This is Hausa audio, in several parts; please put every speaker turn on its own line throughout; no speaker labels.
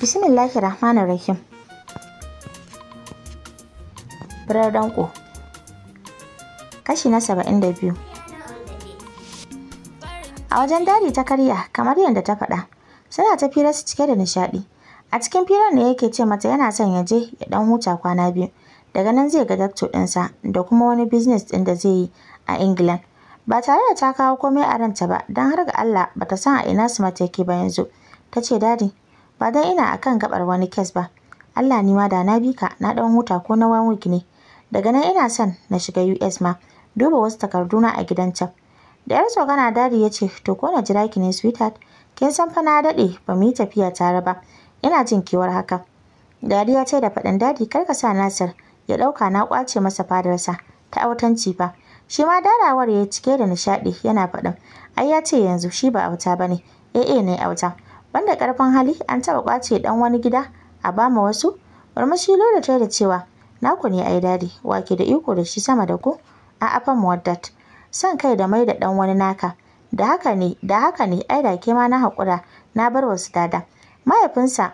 bismillahi rahmanir rahim birar danko kashi na saba'in da biyu a wajen dadi ta karya kamar yadda ta faɗa suna ta firar su cike da nishaɗi a cikin firar ne yake ce mata yana son ya je ya ɗan huta kwana biyu daga nan zai ga dakto ɗinsa da kuma wani business ɗin da zai yi a England. Ba tare da ta kawo komai a ranta ba, don har ga Allah ba ta san a ina su yake ba yanzu. Ta ce dadi, ba dan ina akan gabar wani kes ba Allah ni ma da na bika na dan huta ko na wani week ne daga nan ina son na shiga US ma duba wasu takardu na a gidan can da yar tsogana dadi ya ce to ko na jira ki ne sweetheart kin san fa na dade ba mu yi tafiya tare ba ina jin kewar haka ya ce da faɗin dadi kar ka sa Nasir ya ɗauka na kwace masa fadarsa ta autanci fa shi ma darawar ya cike da nishadi. yana faɗin ai ya ce yanzu shi ba auta ba ne eh eh ne auta banda karfin hali an taba kwace dan wani gida a bama wasu murmushi lola ta da cewa naku ne ai dadi wake da iko da shi sama da ku a fam muwaddat san kai da mai da dan wani naka da haka ne da haka ne ai da ke ma na hakura na bar wasu dada mahaifinsa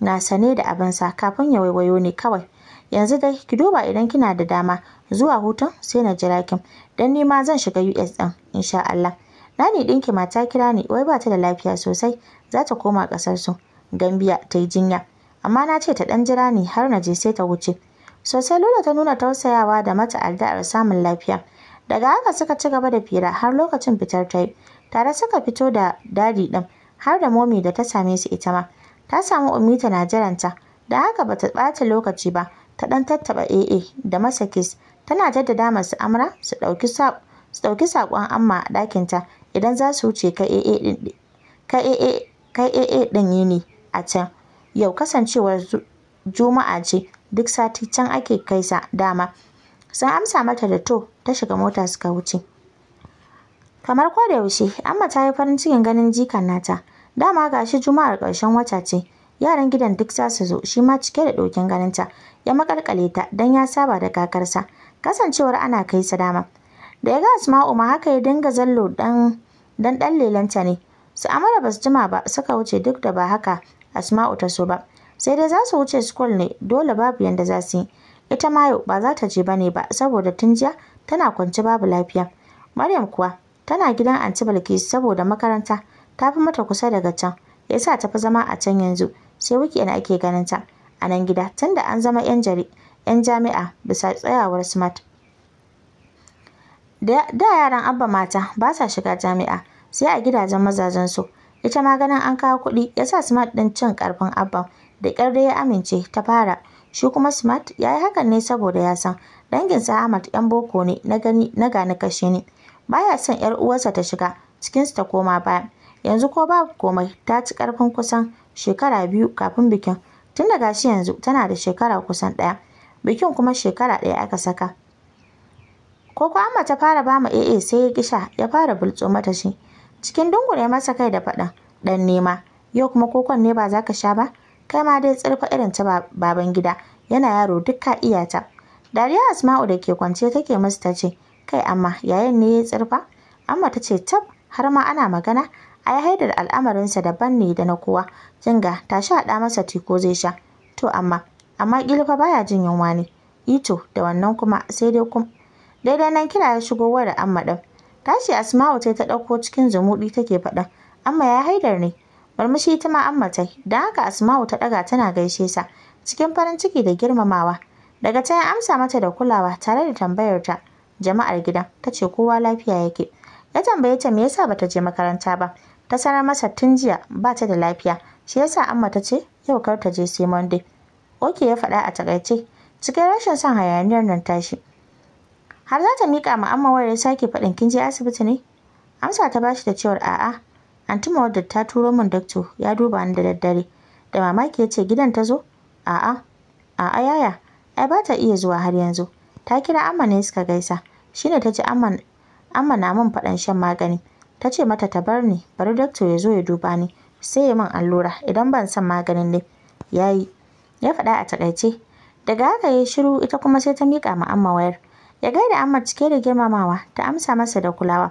na sane da abinsa kafin ya waiwayo ne kawai yanzu dai ki duba idan kina da dama zuwa hutun sai na jira kin dan ni ma zan shiga US din insha Allah nani dinki mata kira ni wai ba ta da lafiya sosai za ta koma ƙasarsu Gambia ta yi jinya amma na ce ta ɗan jira ni har na je sai ta wuce sosai Lola ta nuna tausayawa da mata al'da'ar samun lafiya daga haka suka ci gaba da fira har lokacin fitar ta yi tare suka fito da dadi ɗin har da momi da ta same su ita ma ta samu umita na jiranta da haka bata ɓata lokaci ba ta ɗan tattaɓa AA da masakis tana jaddada masu amra su ɗauki saƙon amma a ɗakinta idan za su wuce ka AA kai AA ɗin ne a can. Yau kasancewar Juma'a ce duk sati can ake kai sa dama. Sun amsa mata da to ta shiga mota suka wuce. Kamar ko da yaushe Amma ta yi farin cikin ganin jikan nata. Dama gashi Juma'ar ƙarshen wata ce. Yaran gidan duk za su zo shi ma cike da ɗokin ganinta. Ya maƙalƙale ta don ya saba da kakarsa. Kasancewar ana kai sa dama. Da ya ga Asma'u ma haka ya dinga zallo dan dan lelanta ne. su amara ba su jima ba suka wuce duk da ba haka asma'u ta so ba sai dai za su wuce school ne dole babu yanda za su yi ita mayo ba za ta je ba ne ba saboda tun jiya tana kwance babu lafiya maryam kuwa tana gidan anti bilkisu saboda makaranta ta fi mata kusa daga can ya sa ta fi zama a can yanzu sai wiki na ake ganin ta a nan gida tun da an zama yan jari yan jami'a bisa tsayawar smart da yaran abba mata ba sa shiga jami'a sai a gidajen mazajen su ita ma ganin an kawo kuɗi ya sa smart ɗin cin ƙarfin abban da ƙyar dai ya amince ta fara shi kuma smart ya yi hakan ne saboda ya san sa ahmad yan boko ne na gani na gani kashe ne baya son yar uwarsa ta shiga cikinsu ta koma baya yanzu ko babu komai ta ci ƙarfin kusan shekara biyu kafin bikin tun da gashi yanzu tana da shekara kusan ɗaya bikin kuma shekara ɗaya aka saka ko ko amma ta fara bamu AA sai ya kisha ya fara bultso mata shi cikin dungure masa kai da faɗa ɗan nema yau kuma kokon ne ba za ka sha ba kai ma dai tsirfa irin ta baban gida yana yaro dukka ka iya ta dariya asma'u da ke kwance take musu ta ce kai amma yayin ne ya tsirfa amma ta ce tab har ma ana magana a ya haidar al'amarinsa daban ne da na kowa jinga ta sha haɗa masa tiko zai sha to amma amma ƙilfa baya jin yunwa ne ito da wannan kuma sai dai kuma daidai nan kira ya shigo wa da amma ɗin Tashi Asma'u ta ta ɗauko cikin zumuɗi take fada. Amma ya haidar ne. Murmushi ita ma Amma ta yi. Don haka Asma'u ta ɗaga tana gaishe sa cikin farin ciki da girmamawa. Daga ta amsa mata da kulawa tare da tambayar ta jama'ar gida ta ce kowa lafiya yake. Ya tambaye ta me yasa bata je makaranta ba. Ta sanar masa tun jiya ba ta da lafiya. Shi yasa Amma ta ce yau kar ta je sai Monday. Oke ya faɗa a takaice. Cikin rashin son hayaniyar nan tashi. har za ta miƙa ma amma wayar sake faɗin kin je asibiti ne amsa ta bashi da cewar a'a anti mawadda ta turo min dakto ya duba ni da daddare da mamaki ya ce gidan ta zo a'a a'a yaya ai ba ta iya zuwa har yanzu ta kira amma ne suka gaisa shine ta ji amma na min faɗan shan magani ta ce mata ta bar ni bari dakto ya zo ya duba ni sai ya min allura idan ban san maganin ne yayi ya faɗa a takaice daga haka ya shiru ita kuma sai ta miƙa ma amma wayar ya gaida Ahmad cike da girmamawa ta amsa masa da kulawa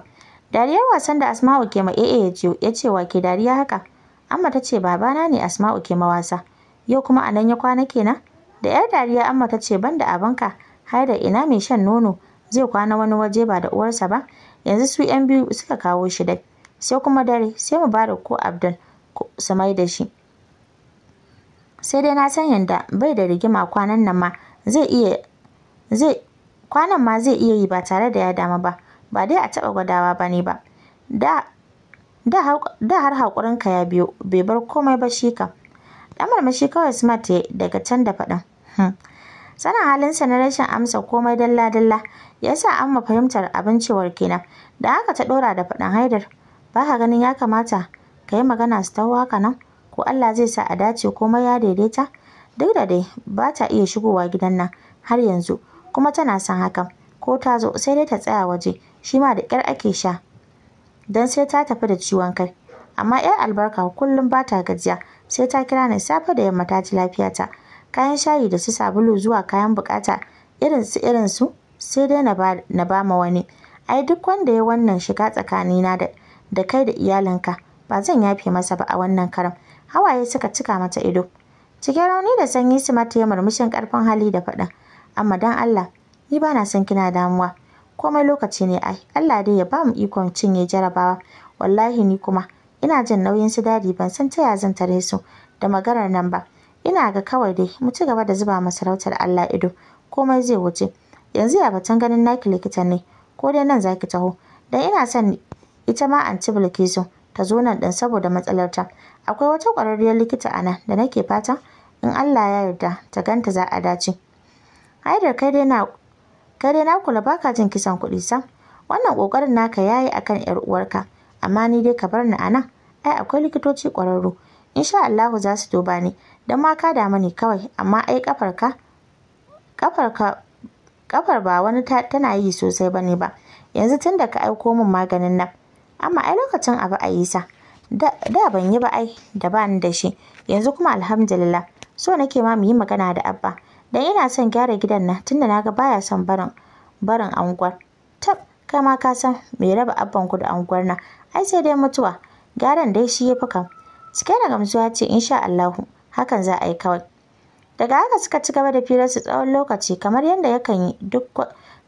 dariyar wasan da Asma'u ke ma AA ya ce wa ke dariya haka Amma ta ce babana ne Asma'u ke ma wasa yau kuma anan ya kwana kenan da yar dariya Amma ta ce banda abanka har da ina mai shan nono zai kwana wani waje ba da uwarsa ba yanzu su yan biyu suka kawo shi dai sai kuma dare sai mu bada ko abdul su mai da shi sai dai na san yanda bai da rigima kwanan nan ma zai iya zai kwanan ma zai iya yi ba tare da ya dama ba, ba dai a taɓa gwadawa ba ne ba. Da har haƙurinka ya biyo, bai bar komai ba shi ka Ɗan marmashi kawai Smart ya daga can da faɗin sana hmm, Sanin halinsa na rashin amsa komai dalla-dalla ya sa amma fahimtar abin cewar kenan. Da haka ta ɗora da faɗin haidar. Ba ka ganin ya kamata ka yi magana su taho haka nan? Ko Allah zai sa a dace komai ya daidaita? Duk da dai ba ta iya shigowa gidan nan har yanzu. kuma tana son hakan ko ta zo sai dai ta tsaya waje shi ma da ƙyar ake sha don sai ta tafi da ciwon kai amma 'yar albarka kullum ba ta gajiya sai ta kira ni safe da yamma ta ji lafiyata kayan shayi da su sabulu zuwa kayan bukata irin su irin su sai dai na ba ma wani ai duk wanda ya wannan shiga tsakanina da da kai da iyalinka ba zan yafe masa ba a wannan karam hawaye suka cika mata ido cikin rauni da sanyi su mata ya murmushin karfin hali da faɗin amma dan Allah ni ba na son kina damuwa komai lokaci ne ai Allah dai ya ba mu ikon cinye jarabawa wallahi ni kuma ina jin nauyin su dadi ban san taya zan tare su da maganar nan ba ina ga kawai dai mu ci gaba da zuba masarautar Allah ido komai zai wuce yanzu ya batun ganin naki likitan ne ko dai nan zaki taho dan ina son ita ma an ci ta zo nan din saboda matsalarta. akwai wata ƙwararriyar likita a nan da nake fata in Allah ya yarda ta ganta za a dace haidar kai dai na kai dai na kula baka jin kisan kuɗi san. wannan ƙoƙarin naka yayi akan yar uwarka amma ni dai ka bar ni anan ai akwai likitoci ƙwararru insha Allahu za su duba ni dan ma ka damu mani kawai amma ai kafarka kafarka kafar ba wani tana yi sosai bane ba yanzu tunda ka aiko min maganin nan amma ai lokacin abu a yi sa da ban yi ba ai da ba da shi yanzu kuma alhamdulillah so nake ma mu yi magana da abba dan yana son gyara gidan nan tunda naga baya son barin barin anguwar tab kai ma ka san me raba abban ku da anguwar na ai sai dai mutuwa gyaran dai shi yafi fi kam na da gamsuwa ce insha Allahu hakan za a yi kawai daga haka suka ci gaba da su tsawon lokaci kamar yadda yakan yi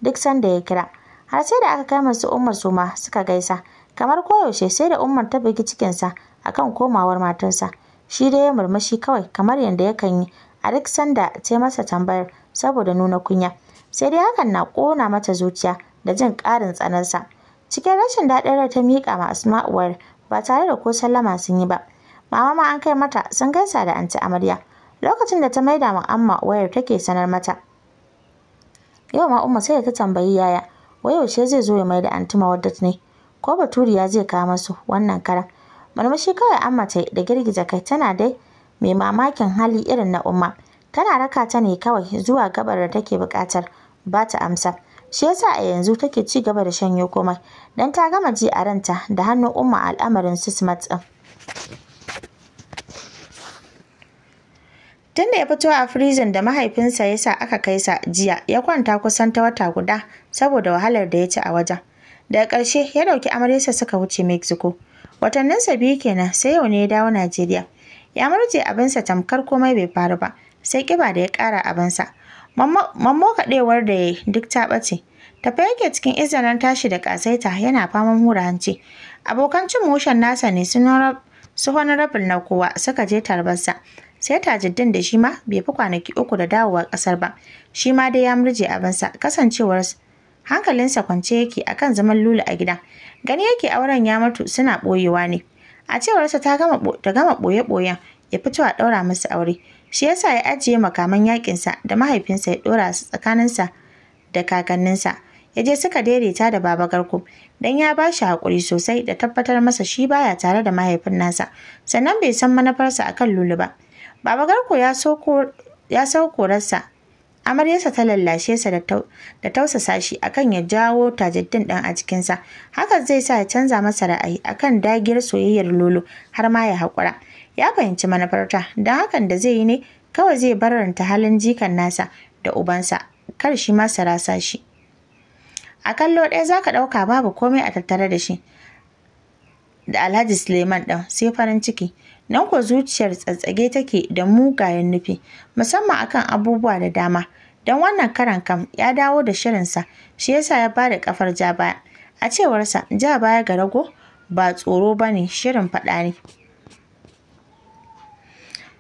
duk sanda ya kira har sai da aka kai masu ummar su ma suka gaisa kamar koyaushe sai da ummar ta bugi cikinsa akan komawar matarsa shi dai ya murmushi kawai kamar yadda yakan yi Alexander ta masa tambayar saboda nuna kunya sai dai hakan na kona mata zuciya da jin ƙarin tsanarsa cikin rashin daɗin rai ta mika ma asma'uwar ba tare da ko sallama sun yi ba mama ma an kai mata sun gaisa da anti amarya lokacin da ta maida ma amma wayar take sanar mata yau ma umma sai ta tambayi yaya wai yaushe zai zo ya maida anti mawaddat ne ko ya zai kawo masu wannan karan murmushi kawai amma ta da girgiza kai tana dai mai mamakin hali irin na Umma. Tana raka ta ne kawai zuwa gabar da take buƙatar ba ta amsa. Shi yasa a yanzu take ci gaba da shanyo komai dan ta gama ji a ranta da hannun Umma al'amarin su Smart ɗin. Tun da ya fito a firizin da mahaifinsa ya sa aka kai sa jiya, ya kwanta kusan ta wata guda saboda wahalar da ya ci a wajen. Daga ƙarshe ya ɗauki amaryarsa suka wuce Mexico. Watanninsa biyu kenan sai yau ne ya dawo Najeriya. ya murje abinsa tamkar komai bai faru ba sai kiba da ya kara abinsa mammo kaɗewar da ya duk ta ɓace tafiya yake cikin izinin tashi da ƙasaita yana faman hura hanci abokan cin mushen nasa ne su honorable na kowa suka je tarbarsa sai tajiddin da shi ma bai fi kwanaki uku da dawowa ƙasar ba shi ma dai ya murje abinsa kasancewar hankalinsa kwance yake akan zaman lula a gida gani yake auren ya mutu suna ɓoyewa ne a cewarsa ta gama ɓoye-ɓoyen ya fito a ɗaura masa aure shi yasa ya ajiye makaman yaƙinsa da mahaifinsa ya ɗora su tsakaninsa da kakanninsa ya je suka daidaita da baba garko don ya ba shi haƙuri sosai da tabbatar masa shi baya tare da mahaifin nasa sannan bai san manufarsa akan lulu ba baba garko ya so korarsa amaryarsa ta lallashe sa da tausasa shi akan ya jawo tajaddin ɗan a sa haka zai sa ya canza masa ra'ayi akan dagiyar soyayyar lolo har ma ya hakura. ya fahimci manufarta don hakan da zai yi ne kawai zai bararanta halin jikan nasa da ubansa kar shi ma sarasa shi a kallo ɗaya zaka ka ɗauka babu komai a tattare da shi da alhaji suleiman ɗin sai farin ciki nan ko zuciyar tsatsage take da mugayen nufi musamman akan abubuwa da dama don wannan karan kam ya dawo da shirinsa shi yasa ya bada kafar ja baya a cewarsa ja baya ga rago ba tsoro ba ne shirin faɗa ne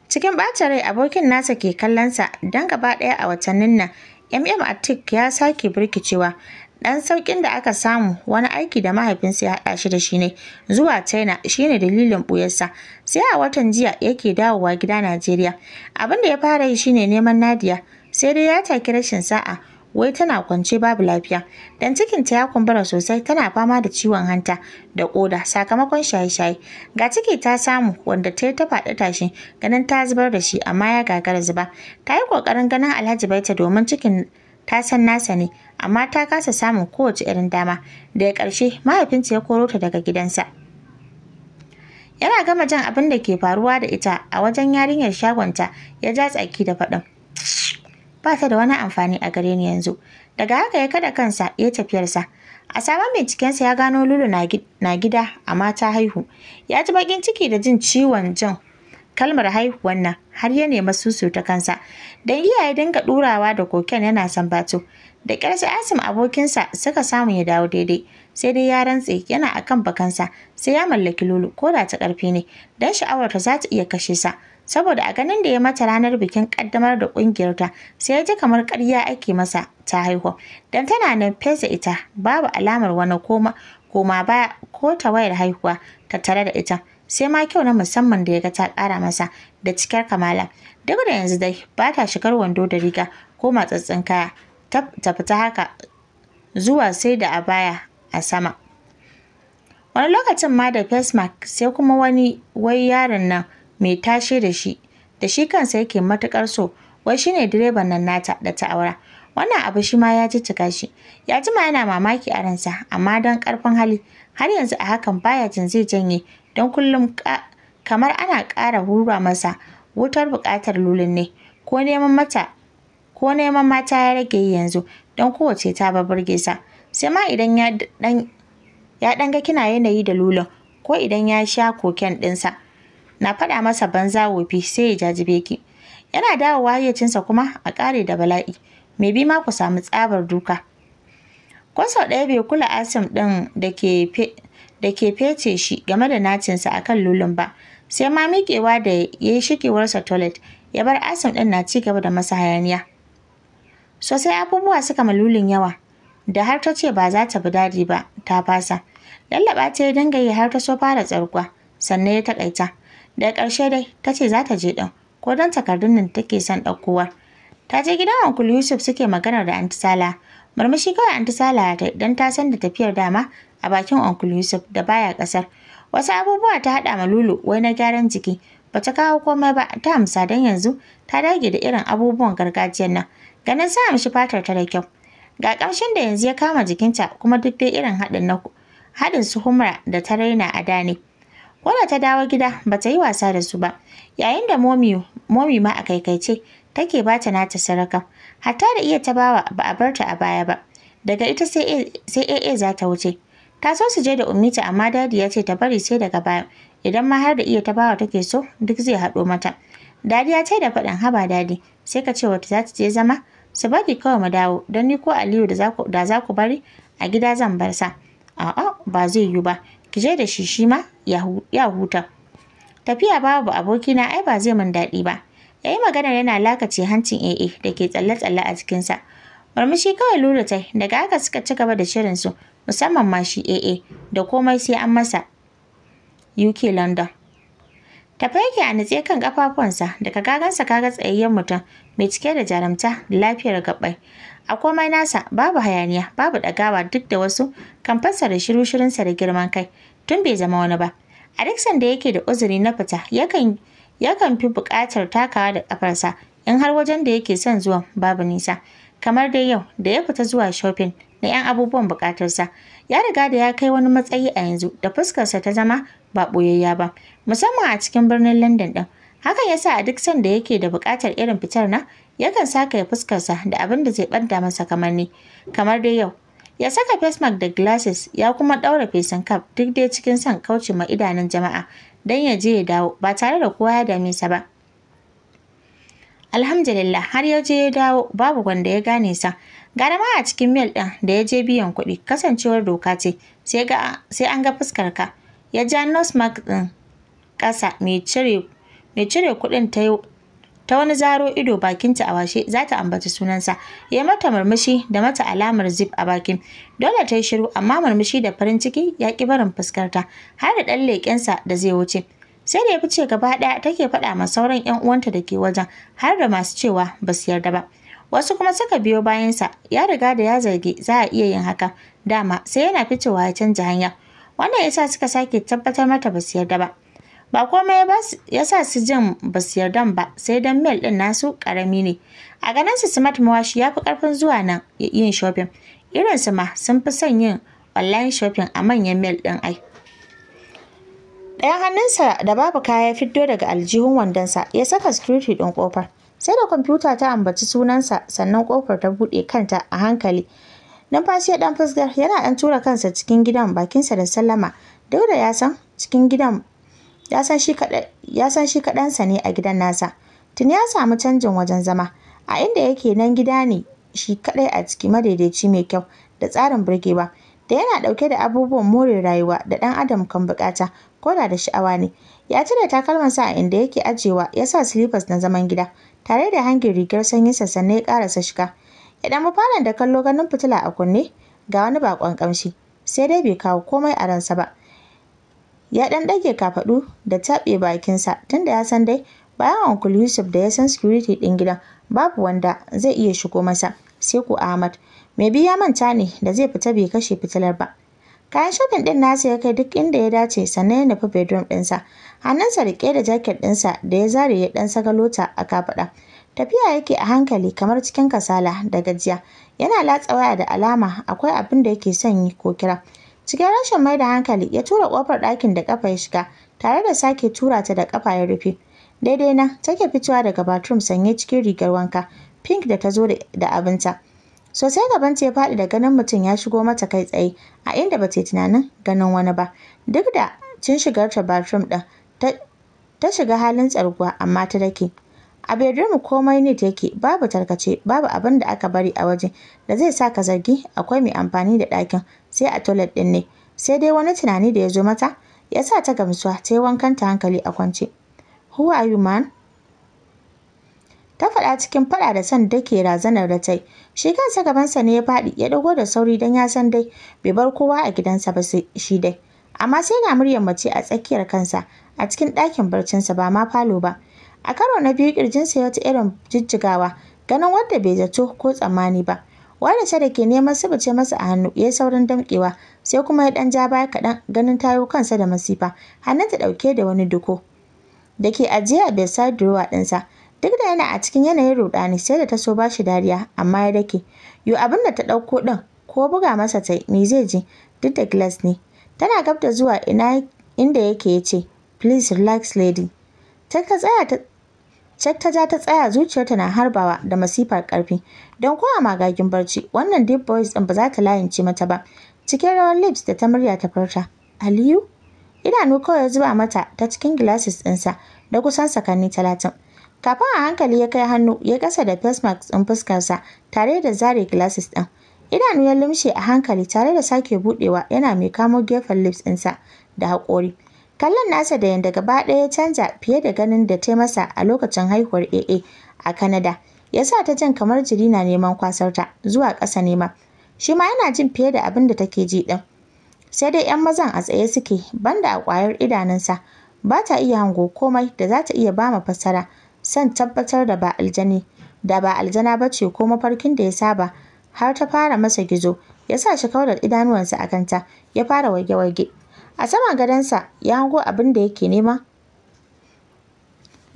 cikin ɓacin rai abokin nasa ke kallonsa don gaba ɗaya a watannin nan mm atik ya sake birkicewa Dan saukin da aka samu wani aiki da mahaifinsa ya haɗa shi da shi ne zuwa China shine dalilin ɓuyarsa. Sai a watan jiya yake dawowa gida Najeriya. Abin da ya fara yi ne neman Nadiya. Sai dai ya taki rashin sa'a wai tana kwance babu lafiya. Dan cikinta ya kumbura sosai tana fama da ciwon hanta da ƙoda sakamakon shaye-shaye. Ga ciki ta samu wanda ta yi ta faɗi tashi ganin ta zubar da shi amma ya gagara zuba. Ta yi ƙoƙarin ganin Alhaji Baita domin cikin ta san nasa ne amma ta kasa samun kowace irin dama da ya ƙarshe mahaifinta ya koro ta daga gidansa yana gama jan abin da ke faruwa da ita a wajen yarinyar shagonta ya ja tsaki da faɗin ba ta da wani amfani a gare ni yanzu daga haka ya kada kansa ya tafiyarsa a sabon bincikensa ya gano lulu na gida amma ta haihu ya ji baƙin ciki da jin ciwon jan kalmar haihuwan nan har ya nemi susu ta kansa don iyaye dinga ɗurawa da koken yana sambato da ƙyar asim abokinsa suka samu ya dawo daidai sai dai ya rantse yana akan bakansa sai ya mallaki lulu ko da ta ƙarfi ne don sha'awarta za ta iya kashe sa saboda a ganin da ya mata ranar bikin kaddamar da ƙungiyarta sai ya ji kamar ƙarya ake masa ta haihu don tana nan fesa ita babu alamar wani koma koma baya ko ta wayar haihuwa tare da ita sai ma kyau na musamman da ya ga ta ƙara masa da cikar kamala duk da yanzu dai ba ta shigar wando da riga ko matsatsin kaya ta fita haka zuwa sai da abaya a sama wani lokacin ma da face mask sai kuma wani wai yaron nan mai tashe da shi da shi kansa yake matuƙar so wai shine direban nan nata da ta aura wannan abu shi ma ya jijjiga shi ya jima yana mamaki a ransa amma don ƙarfin hali har yanzu a hakan baya jin zai janye don kullum kamar ana ƙara hura masa wutar buƙatar lulun ne ko neman mata ko neman mata ya rage yanzu don kowace ta babburge sa sai ma idan ya dan ya dan ga kina yanayi da lulun ko idan ya sha koken ɗinsa na faɗa masa banza wofi sai ya jajibe ki yana dawowa ya cinsa kuma a ƙare da bala'i mai bi ma ku samu tsabar duka ko sau ɗaya bai kula asim ɗin da ke da ke fece shi game da nacinsa a kan lulun ba, sai ma miƙewa da ya yi shigewarsa toilet ya bar Asim ɗin na ci gaba da masa hayaniya. Sosai abubuwa suka ma malulin yawa, da har ta ce ba za ta bi dadi ba, ta fasa. Lallaɓa ta ya dinga yi har ta so fara tsarguwa, sannan ya taƙaita. Da ƙarshe dai, ta ce za ta je ɗin, ko don takardun nan take son ɗaukowar. Ta je gidan Uncle Yusuf suke magana da Antisala. Murmushi kawai Antisala ta don ta san da tafiyar dama a bakin Uncle Yusuf da baya ƙasar. Wasu abubuwa ta haɗa ma Lulu wai na gyaran jiki. Ba ta kawo komai ba ta amsa don yanzu ta dage da irin abubuwan gargajiyar nan. Ganin sa amshi fatar ta da kyau. Ga ƙamshin da yanzu ya kama jikinta kuma duk dai irin haɗin na haɗin su humra da ta raina a dane. Wala ta dawo gida ba ta yi wasa da su ba, yayin da momi, momi ma a kaikaice take ba ta nata saraka. Hatta da iya ta bawa ba a barta a baya ba, daga ita sai AA za ta wuce. ta so su je da ummita amma dadi ya ce ta bari sai daga baya idan ma har da iya ta bawa take so duk zai haɗo mata dadi ya ce da faɗin haba dadi sai ka ce wata za ta je zama su baki kawai mu dawo don ni ko aliyu da za ku bari a gida zan bar sa a'a ba zai yiwu ba ki je da shi shi ma ya huta tafiya babu abokina ai ba zai min daɗi ba ya yi maganar yana lakace hancin AA da ke tsalle-tsalle a sa Murmushi kawai lura ta daga haka suka ci gaba da shirinsu musamman ma shi AA da komai sai an masa UK London. tafi yake a nutse kan kafafunsa daga gagansa kaga tsayayyen mutum mai cike da jarumta da lafiyar gabbai. A komai nasa babu hayaniya babu ɗagawa duk da wasu kan fasa da shirunsa da girman kai tun bai zama wani ba. A duk sanda yake da uzuri na fita yakan yakan fi buƙatar takawa da ƙafarsa in har wajen da yake son zuwa babu nisa. Kamar dai yau da ya fita zuwa shopping na 'yan abubuwan bukatarsa ya riga da ya kai wani matsayi a yanzu da fuskarsa ta zama ba ɓoyayya ba musamman a cikin birnin london din. hakan yasa a duk sanda yake da bukatar irin fitar na yakan saka ya fuskarsa da abin da zai ɓadda masa kamar ni kamar dai yau ya saka face mask da glasses ya kuma ɗaura fesin cap duk dai cikin son kauce ma idanun jama'a don ya je ya dawo ba tare da kowa ya dame sa ba alhamdulillah har ya je ya dawo babu wanda ya gane sa Gara ma a cikin mil ɗin da ya je biyan kuɗi kasancewar doka ce sai an ga fuskar ka. Ya ja nose mark ɗin ƙasa mai cire kuɗin ta ta wani zaro ido bakinta a washe za ta ambaci sunansa ya mata murmushi da mata alamar zip a bakin dole ta yi shiru amma murmushi da farin ciki ya ƙi barin fuskarta har da ɗan leƙensa da zai wuce sai da ya fice gaba ɗaya take faɗa ma sauran 'yan uwanta da ke wajen har da masu cewa ba su yarda ba wasu kuma suka biyo bayansa ya riga da ya zargi za a iya yin haka dama sai yana fitowa ya canza hanya wannan ya sa suka sake tabbatar mata ba su yarda ba ba komai ya sa su jin ba su yarda ba sai dan mail din nasu karami ne a ganin su smart mawashi ya fi karfin zuwa nan yin shopping irin su ma sun fi son yin online shopping a manyan mail din ai ɗayan hannunsa da babu kaya ya fito daga aljihun wandonsa ya saka security ɗin kofar. sai da kwamfuta ta ambaci sunansa sannan kofar ta buɗe kanta a hankali numfashi ya ɗan fusgar yana ɗan tura kansa cikin gidan bakinsa da sallama dauda ya san cikin gidan ya san shi kaɗansa ne a gidan nasa tun ya samu canjin wajen zama a inda yake nan gida ne shi kaɗai a ciki madaidaici mai kyau da tsarin burgewa da yana ɗauke da abubuwan more rayuwa da ɗan adam kan buƙata ko da da sha'awa ne ya cire takalmansa a inda yake ajiyewa, ya sa silifas na zaman gida tare da hangin rigar sassan sannan ya karasa shiga Idan ɗan da kallo ganin fitila a kunne ga wani bakon kamshi sai dai bai kawo komai a ransa ba ya ɗanɗage dage kafaɗu da taɓe bakinsa tunda ya san dai bayan Uncle Yusuf da ya san security ɗin gidan babu wanda zai iya shigo masa sai ko Ahmad. Mai ya manta ne da zai fita bai kashe fitilar ba. Kayan shafin ɗin nasa ya kai duk inda ya dace sannan ya nufi bedroom ɗinsa. Hannunsa riƙe da jaket ɗinsa da ya zare ya ɗan lota a kafaɗa. Tafiya yake a hankali kamar cikin kasala da gajiya. Yana latsa waya da alama akwai abin da yake son yi ko kira. Cikin rashin mai da hankali ya tura ƙofar ɗakin da ƙafa ya shiga tare da sake tura ta da ƙafa ya rufe. Daidai na take fitowa daga bathroom sanye cikin rigar wanka pink da ta zo da abinta. sosai gaban ta ya faɗi da ganin mutum ya shigo mata kai tsaye a inda ba ta tunanin ganin wani ba duk da cin shigar ta bathroom ɗin ta shiga halin tsarguwa amma ta dake a bedroom komai ne yake babu tarkace babu abin da aka bari a waje da zai sa ka zargi akwai mai amfani da ɗakin sai a toilet ɗin ne sai dai wani tunani da ya zo mata ya sa ta gamsuwa ta yi wankan ta hankali a kwance who are you man ta faɗa cikin faɗa da san da ke razanar da ta yi shi kansa gabansa ne ya faɗi ya dago da sauri dan ya san dai bai bar kowa a gidansa ba shi dai amma sai ga muryar mace a tsakiyar kansa a cikin ɗakin barcinsa ba ma falo ba a karo na biyu kirjinsa ya wata irin jijjigawa ganin wadda bai zato ko tsammani ba Wani sa da ke neman su bace masa a hannu ya saurin damƙewa sai kuma ya ɗan ja baya kaɗan ganin tayo kansa da masifa hannun ta ɗauke da wani duko da ke ajiye a bedside drawer ɗinsa duk da yana a cikin yanayin rudani sai da ta so ba shi dariya amma ya dake yo abin da ta ɗauko ɗin ko buga masa tai me zai je? duk da glass ne tana gab da zuwa ina inda yake ya ce please relax lady ta tsaya ta Cek ta ja ta tsaya zuciyarta na harbawa da masifar karfi don ko a magagin barci wannan deep voice din ba za ta layince mata ba cikin rawar lips da ta murya ta farta aliyu idanu kawai ya zuba mata ta cikin glasses ɗinsa da kusan sakanni talatin Kafin a hankali ya kai hannu ya kasa da face mask ɗin fuskarsa tare da zare glasses ɗin. Idanu ya lumshe a hankali tare da sake buɗewa yana mai kamo gefen lips ɗinsa da haƙori. Kallon nasa da yanda gaba ɗaya ya canza fiye da ganin da ta masa a lokacin haihuwar AA a Canada. Ya sa ta jin kamar jiri na neman kwasarta zuwa ƙasa nema. Shi ma yana jin fiye da abin da take ji ɗin. Sai dai 'yan mazan a tsaye suke banda a ƙwayar idanunsa. Ba ta iya hango komai da za ta iya ba ma fassara. son tabbatar da ba aljani da ba aljana ba ce ko mafarkin da ya saba har ta fara masa gizo ya sa shi kaular idanuwansa a kanta ya fara wage-wage a sama sa ya hango abin da yake nema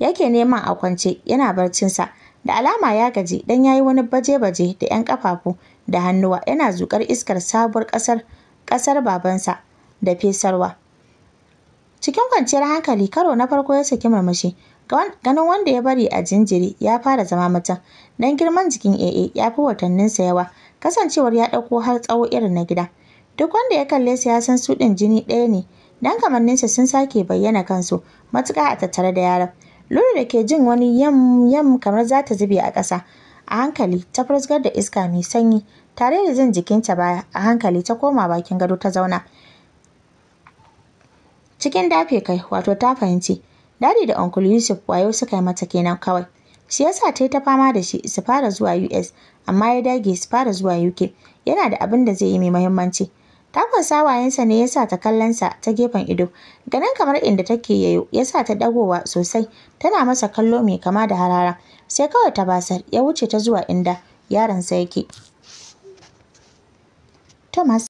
yake neman a kwance yana barcinsa da alama ya gaji dan ya yi wani baje-baje da 'yan kafafu da hannuwa yana zukar iskar sabuwar kasar ƙasar babansa da fesarwa cikin kwanciyar hankali karo na farko ya saki murmushi ganin wanda ya bari a jinjiri ya fara zama mutum dan girman jikin AA ya fi sa yawa kasancewar ya dauko har tsawo irin na gida duk wanda ya kalle su ya san su ɗin jini ɗaya ne dan kamanninsa sun sake bayyana kansu matuƙa a tattare da yaran Lulu da ke jin wani yam yam kamar za ta zube a ƙasa a hankali ta furzgar da iska mai sanyi tare da jin jikinta baya a hankali ta koma bakin gado ta zauna cikin dafe kai wato ta fahimci Dadi da Uncle Yusuf wayo suka yi mata kenan kawai. Shi yasa ta yi ta fama da shi su fara zuwa US amma ya dage su fara zuwa UK. Yana da abin da zai yi mai muhimmanci. Takon sawayensa ne yasa ta kallon sa ta gefen ido. Ganin kamar inda take yayo yasa ta dagowa sosai tana masa kallo mai kama da harara. Sai kawai ta basar ya wuce ta zuwa inda yaronsa yake. Thomas